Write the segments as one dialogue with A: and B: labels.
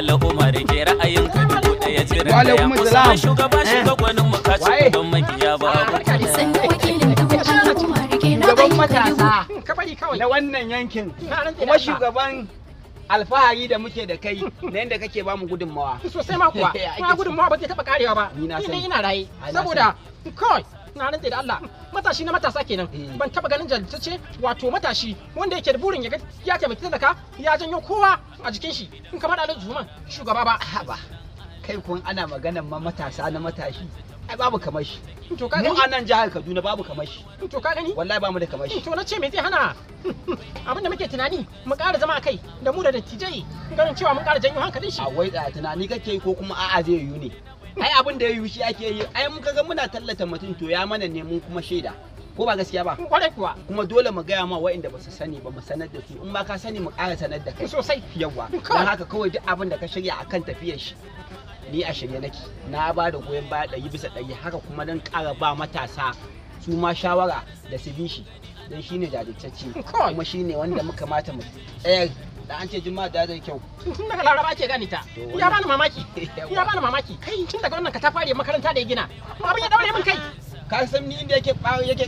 A: ala umar ke ra'ayin ka dubu daya jiran da ya kusa mai shugaba eh. shiga mu ka ci gaban ba matasa na wannan yankin kuma shugaban alfahari da muke da kai na yadda kake bamu gudunmawa sosai ma kuwa kuma gudunmawa ba zai taba karewa ba ni na ina raye saboda kawai na rantse da Allah matashi na matasa kenan eh. ban taba ganin jajjace wato matashi wanda yake da burin ya ya taimaki talaka ya janyo kowa a jikin shi in kamar da Juman shugaba ba haba kai kun ana maganar ma matasa na matashi ai babu kamar shi to ka gani anan jihar Kaduna babu kamar shi to ka gani wallahi bamu da kamar shi to na ce me zai hana abinda muke tunani mu ƙara zama kai da mu da dattijai ganin cewa mun ƙara janyo hankalin shi a wai da tunani kake ko kuma a'a zai yiwu ne ai abin da ya yi shi ake yi ai mun kaga muna tallata mutum to ya mana ne mun kuma shaida ko ba gaskiya ba kware kuwa kuma dole mu gaya ma waɗanda ba su sani ba mu sanar da su in ba ka sani mu ƙara sanar da kai sosai yawa don haka kawai duk abin da ka shirya akan tafiyar shi ni a shirye nake na ba da goyon baya ɗari bisa ɗari haka kuma don ƙara ba matasa su ma shawara da su bi shi don shine jajirtacce kuma shine wanda muka mata mu tsayar da an ce juma'a da zai kyau tun daga laraba ke gani ta ya bani mamaki ya bani mamaki kai tun daga wannan katafare makaranta da ya gina abin ya daure min kai ka san ni inda yake yake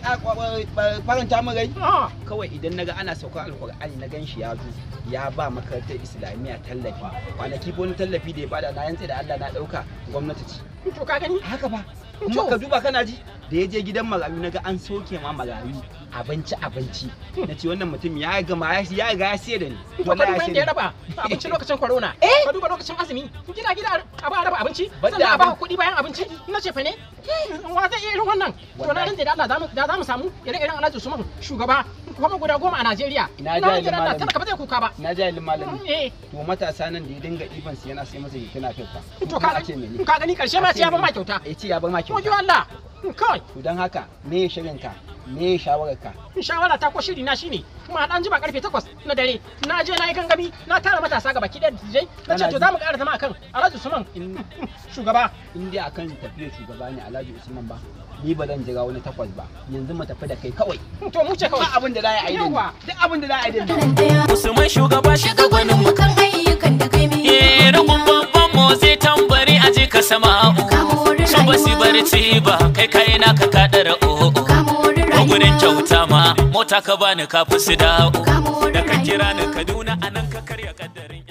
A: faranta min rai oh. kawai idan naga ana sauka alqur'ani na gan shi ya zo ya ba makarantar islamiyya tallafi kwanaki wani tallafi da ya bada na yantse da Allah na dauka gwamnati ce to ka gani haka ba kuma ka duba kana ji da ya je gidan marayu na ga an soke ma marayu abinci abinci na ce wannan mutum ya gama ya riga ya siya da ni wallahi ya siya da raba abinci lokacin corona eh ka duba lokacin azumi gida gida a ba raba abinci sannan a ba kuɗi bayan abinci na ce fa ne eh, wa zai iya irin wannan to na ran da Allah da za mu samu irin irin Alhaji Usman shugaba kuma guda goma a Najeriya ina ji Allah malami talaka ba zai kuka ba Na ji ilmin malami mm, eh. to matasa nan da ya dinga iban su yana sai masa yake na to ka gani karshe ma sai ya ba ma kyauta eh ce ya ba ma kyauta ji Allah Hmm, kai don haka me shirin ka me shawarar ka shawara ta ko shiri na shine kuma dan jima karfe 8 na dare na je na yi gangami na tara matasa ga baki ɗaya dijai na ce to za mu ƙara zama akan Alhaji Usman shugaba in dai akan tafiye shugaba ne Alhaji Usman ba ni ba zan jira wani takwas ba yanzu mu tafi da kai kawai hmm, to mu ce kawai abin da za a yi yawa duk abin da za a yi Usman shugaba shi ka gwanin mu kan ayyukan da kai mi eh rubun babban mu zai tambari je ka sama azurci ba kai kai na ka kadar o'o gurin kyauta ma mota ka bani ka fi su da ka kira ni kaduna anan ka karya kaddarin